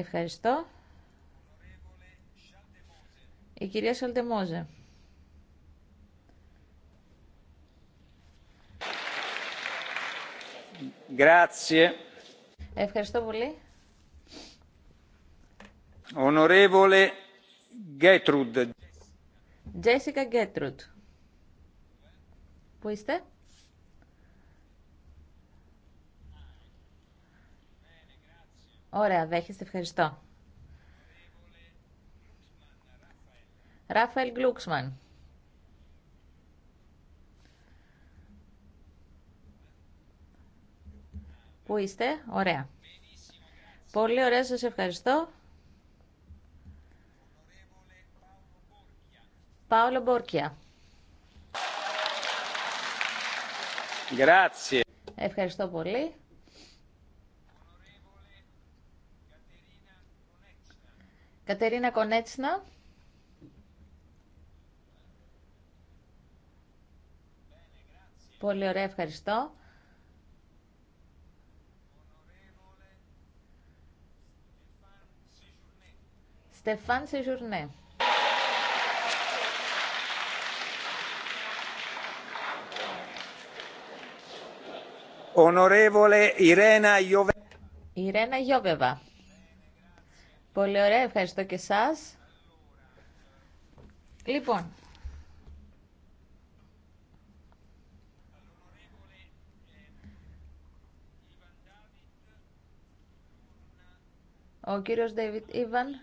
Ευχαριστώ. Η κυρία Σαλτεμόζε. Ευχαριστώ πολύ. Onorevole Γκέτρουντ. Τζέσικα Γκέτρουντ. Πού είστε? Ωραία, δέχεστε, ευχαριστώ. Ράφαελ Γκλούξμαν. Πού είστε, ωραία. Πολύ ωραία, σας ευχαριστώ. Πάολο Μπόρκια. Ευχαριστώ πολύ. Κατερίνα Κονέτσνα. Πολύ ωραία, ευχαριστώ. Στεφάν Σεζουρνέ. Ονορεύολε Ιρένα Ιωβεβα. Ιρένα Ιωβεβα. Πολύ ωραία, ευχαριστώ και εσάς. Λοιπόν, ο κύριος David Ιβαν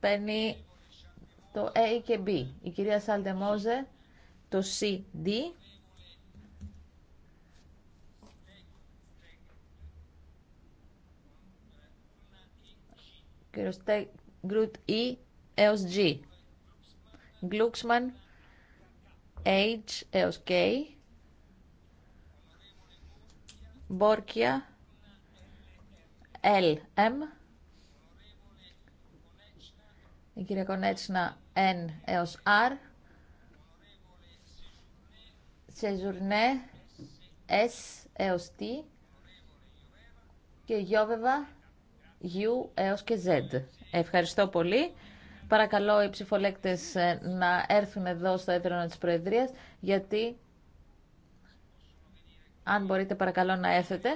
παίρνει το A και B. Η κυρία Σάλτε Μόζε το C, D Γκρουτ Γκρουτ-Ι έως G. Γκλούξμαν H έως K. Μπόρκια Λ Ελ-Μ. Η κυρία Κονέτσνα N έως R. Σεζουρνέ S έως T. Και Γιώβεβα U έως και Z. Ευχαριστώ πολύ. Παρακαλώ οι ψηφολέκτες ε, να έρθουν εδώ στο έδρανο της Προεδρίας, γιατί αν μπορείτε παρακαλώ να έρθετε.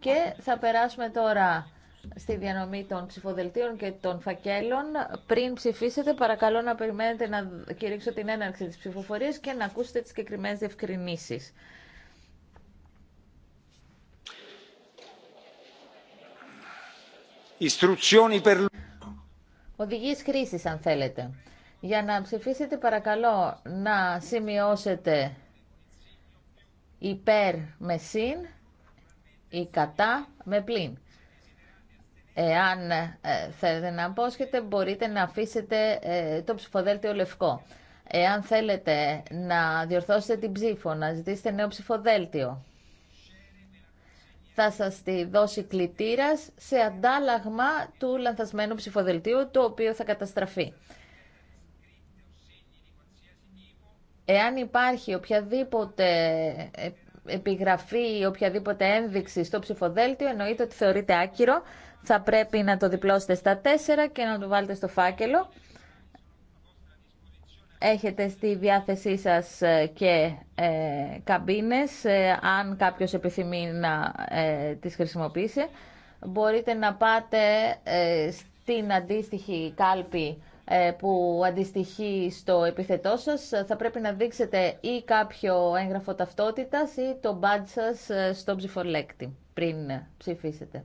Και θα περάσουμε τώρα στη διανομή των ψηφοδελτίων και των φακέλων. Πριν ψηφίσετε, παρακαλώ να περιμένετε να κηρύξω την έναρξη της ψηφοφορίας και να ακούσετε τις συγκεκριμένε διευκρινήσεις. Οδηγίες χρήσης αν θέλετε. Για να ψηφίσετε παρακαλώ να σημειώσετε υπέρ με συν ή κατά με πλήν. Εάν ε, θέλετε να απόσχετε μπορείτε να αφήσετε ε, το ψηφοδέλτιο λευκό. Εάν θέλετε να διορθώσετε την ψήφο, να ζητήσετε νέο ψηφοδέλτιο θα σας τη δώσει κλητήρα σε αντάλλαγμα του λανθασμένου ψηφοδελτίου, το οποίο θα καταστραφεί. Εάν υπάρχει οποιαδήποτε επιγραφή ή οποιαδήποτε ένδειξη στο ψηφοδέλτιο, εννοείται ότι θεωρείται άκυρο. Θα πρέπει να το διπλώσετε στα τέσσερα και να το βάλετε στο φάκελο. Έχετε στη διάθεσή σας ε, και ε, καμπίνες, ε, αν κάποιος επιθυμεί να ε, τις χρησιμοποιήσει. Μπορείτε να πάτε ε, στην αντίστοιχη κάλπη που αντιστοιχεί στο επιθετό σας. Θα πρέπει να δείξετε ή κάποιο έγγραφο ταυτότητας ή το μπάντ σας στο ψηφολέκτη πριν ψηφίσετε.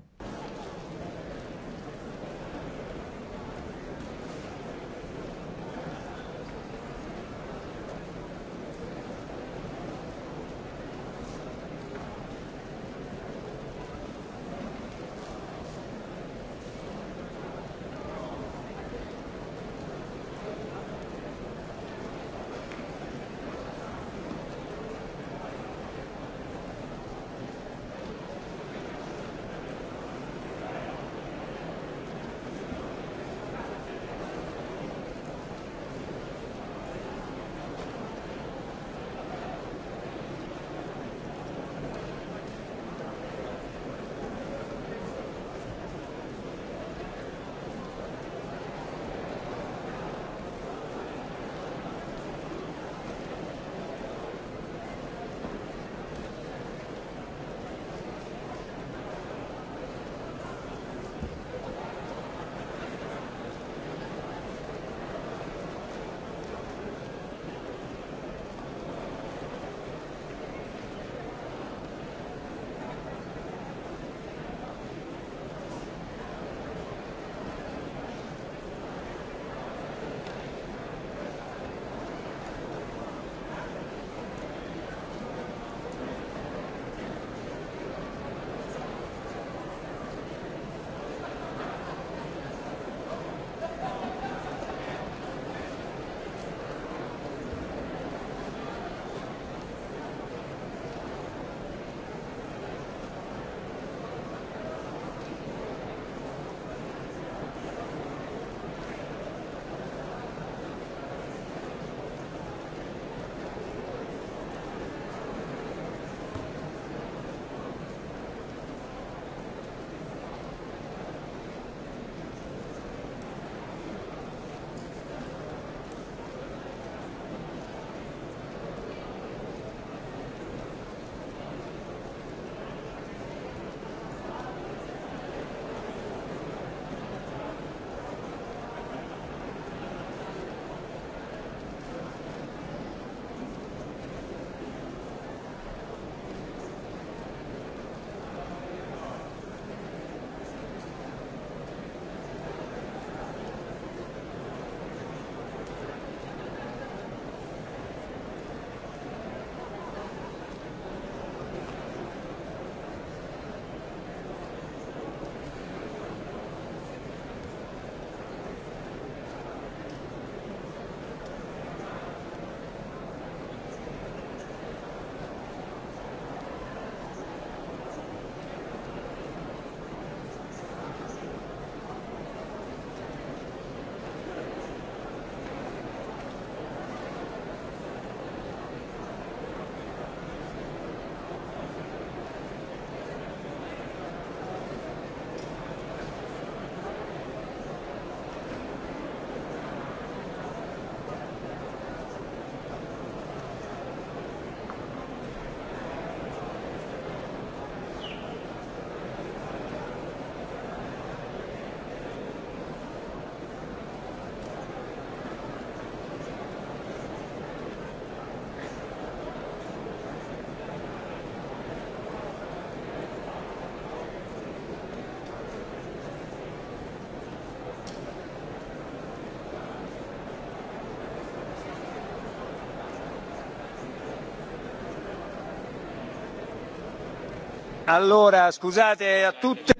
Allora, scusate a tutte.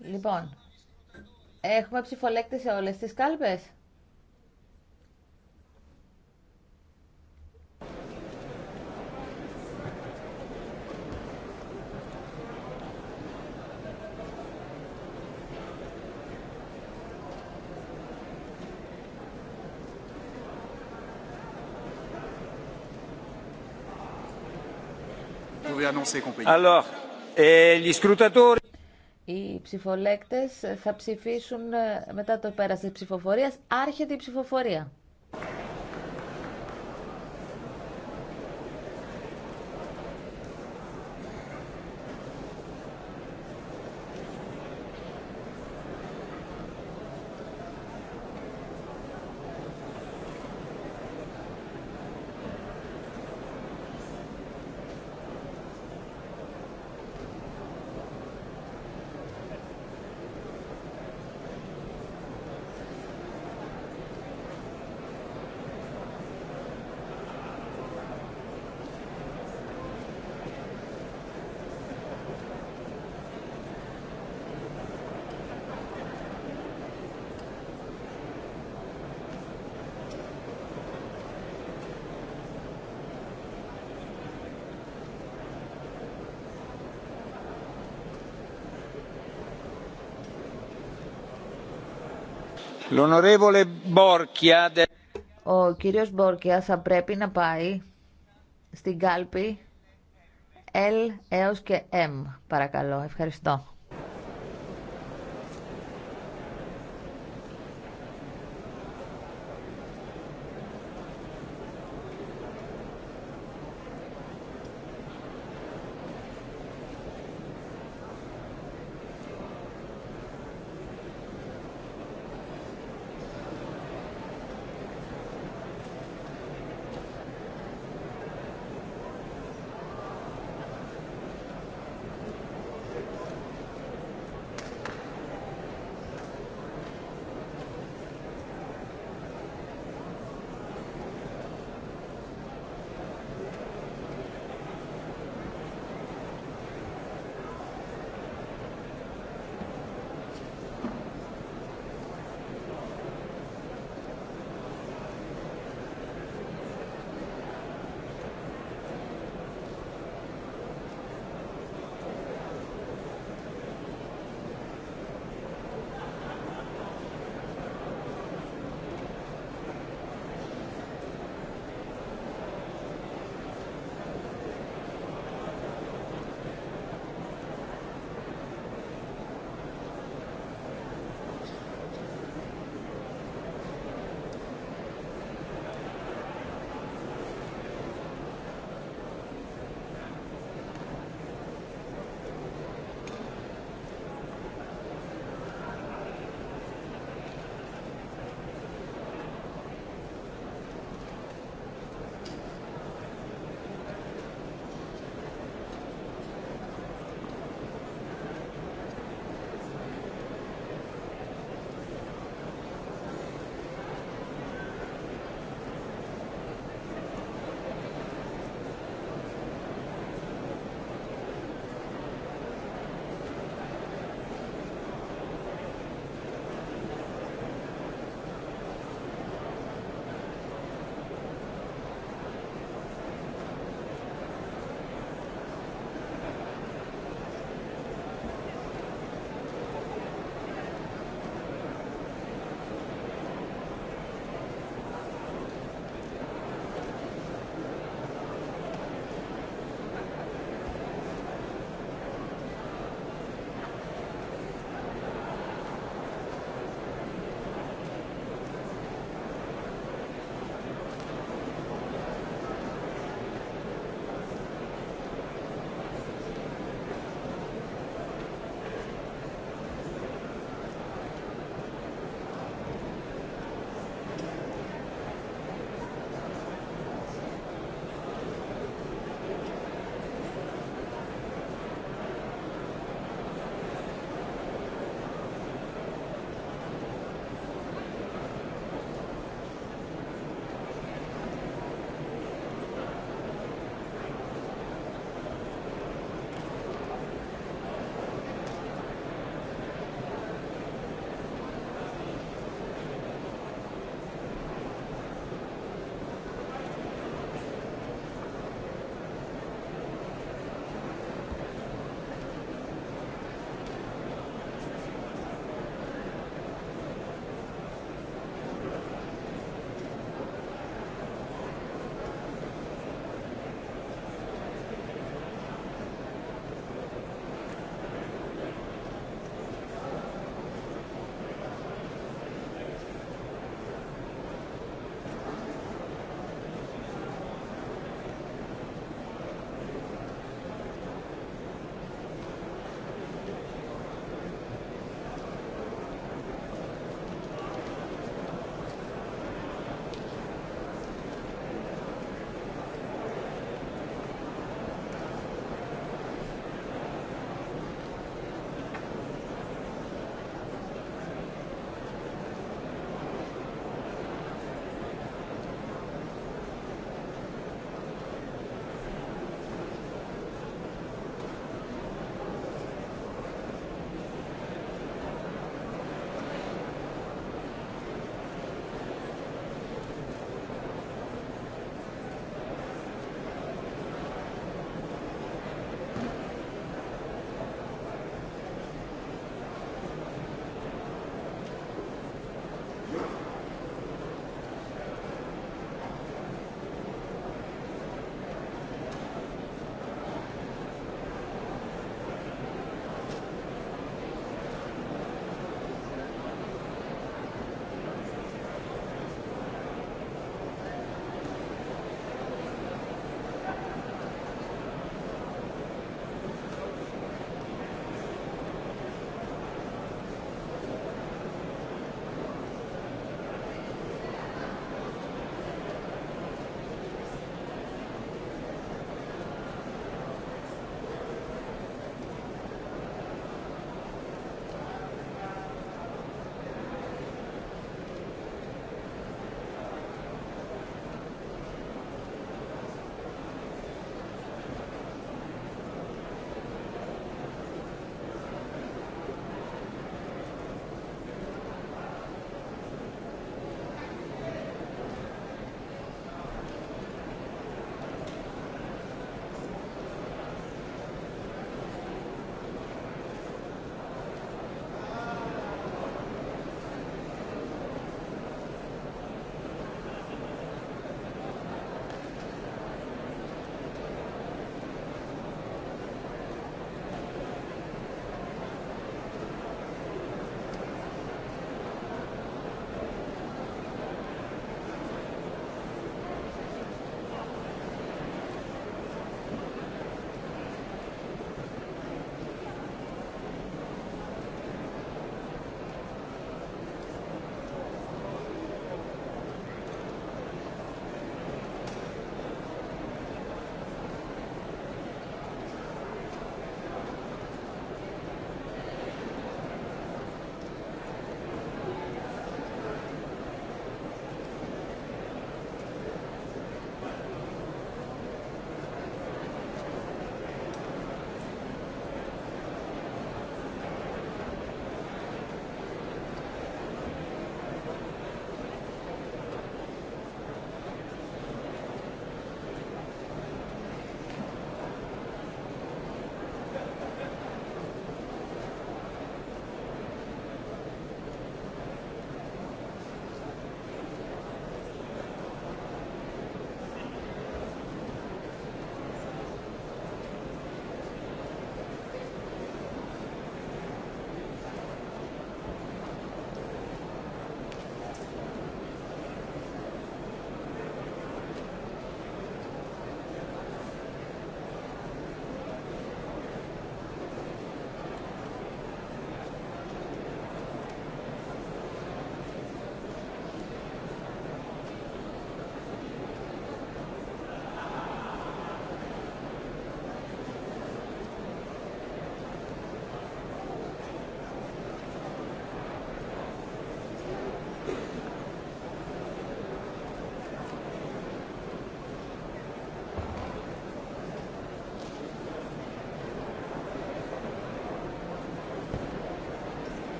Λοιπόν, έχουμε ψηφολέκτη σε όλες τις κάλπες. Alors, ε, οι ψηφολέκτες θα ψηφίσουν μετά το πέρας της ψηφοφορίας. Άρχεται η ψηφοφορία. Ο κύριος Μπόρκια θα πρέπει να πάει στην κάλπη L έως και M. Παρακαλώ. Ευχαριστώ.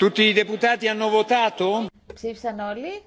Tutti i deputati hanno votato? Ψήφισαν όλοι.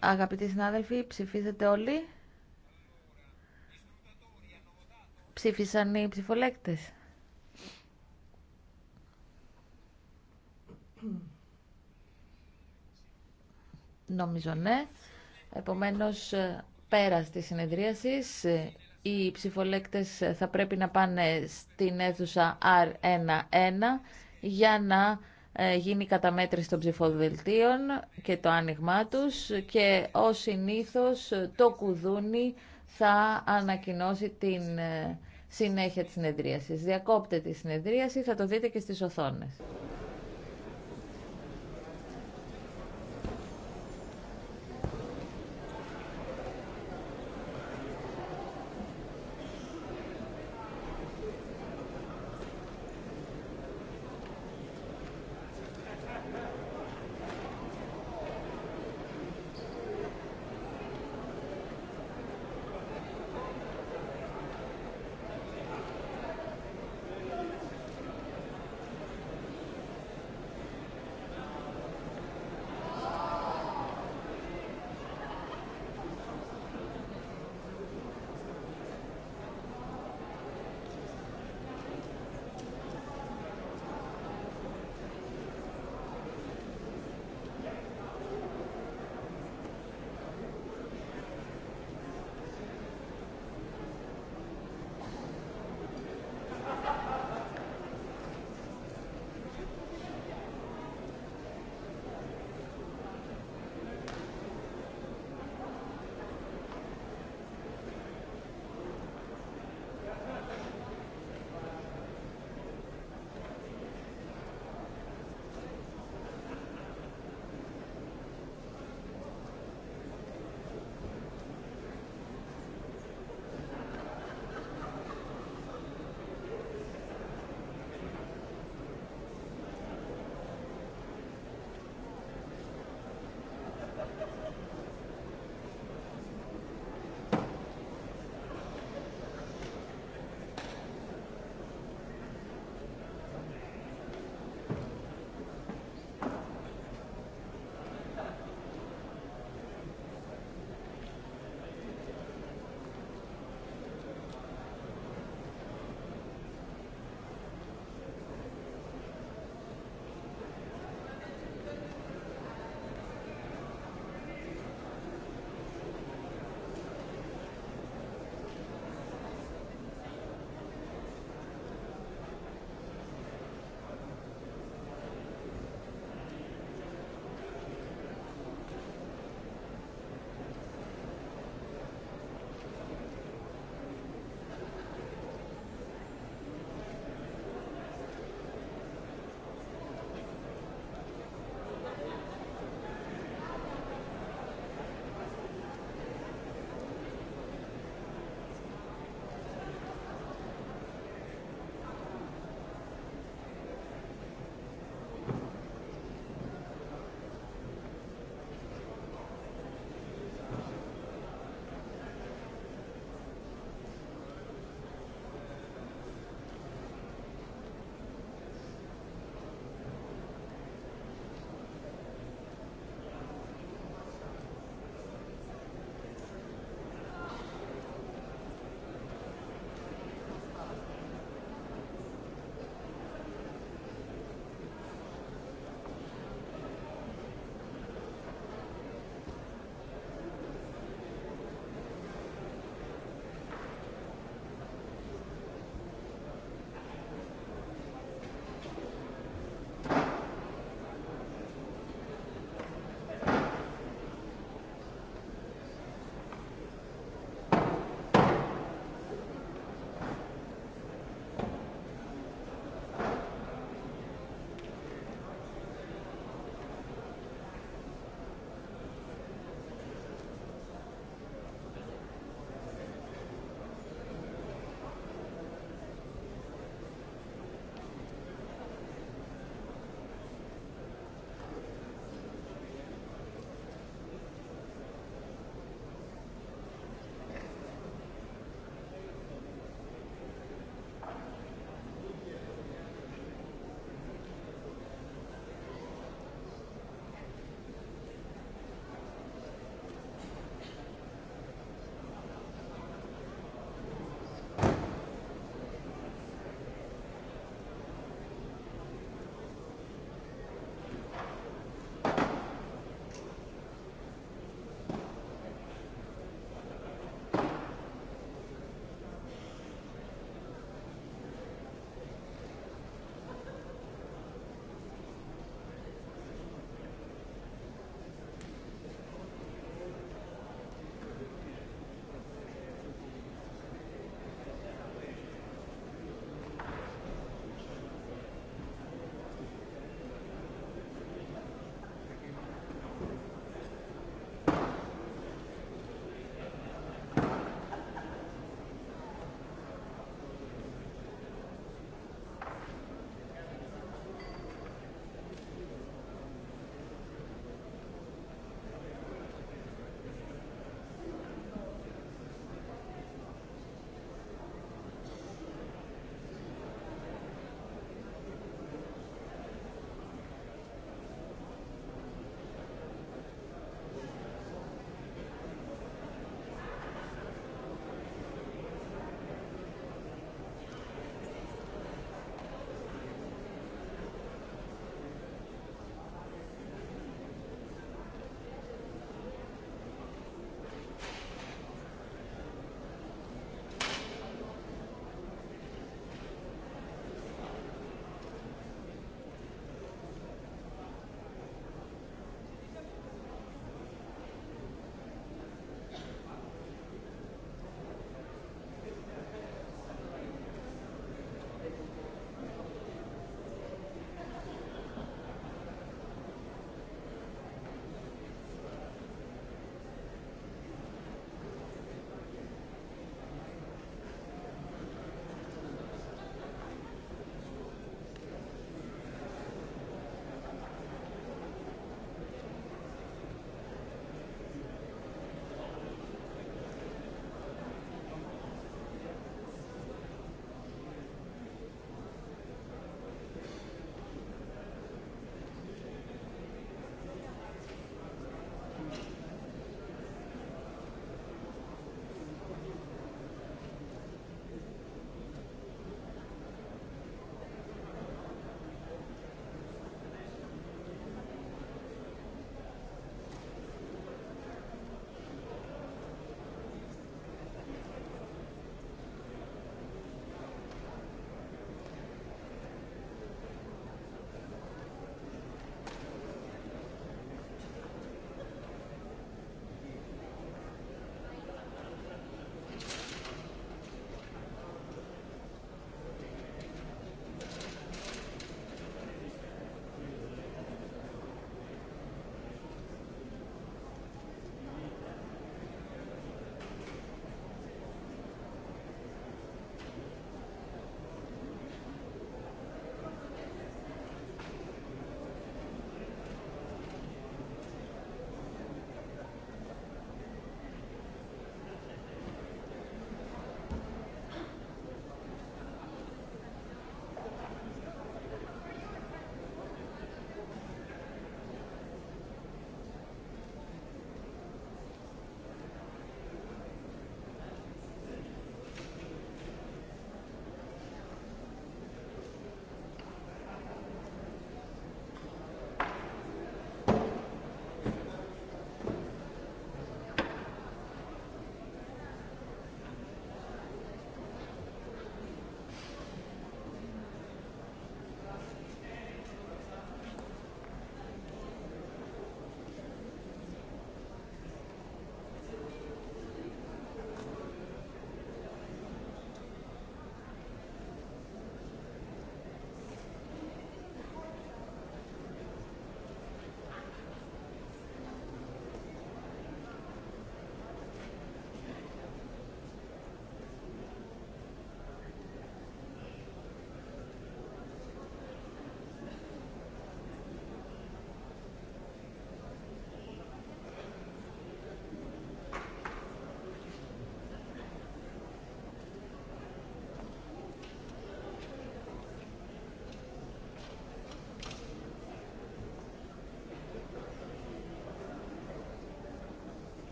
Αγαπητοί συνάδελφοι, ψηφίζετε όλοι. Ψήφισαν οι ψηφολέκτες. Νομίζω ναι. Επομένως, πέρα της συνεδρίασης, οι ψηφολέκτες θα πρέπει να πάνε στην αίθουσα R11 για να ε, γίνει η καταμέτρηση των ψηφοδελτίων και το άνοιγμά τους και ως συνήθως το κουδούνι θα ανακοινώσει την ε, συνέχεια της συνεδρίασης. Διακόπτεται η συνεδρίαση, θα το δείτε και στις οθόνες.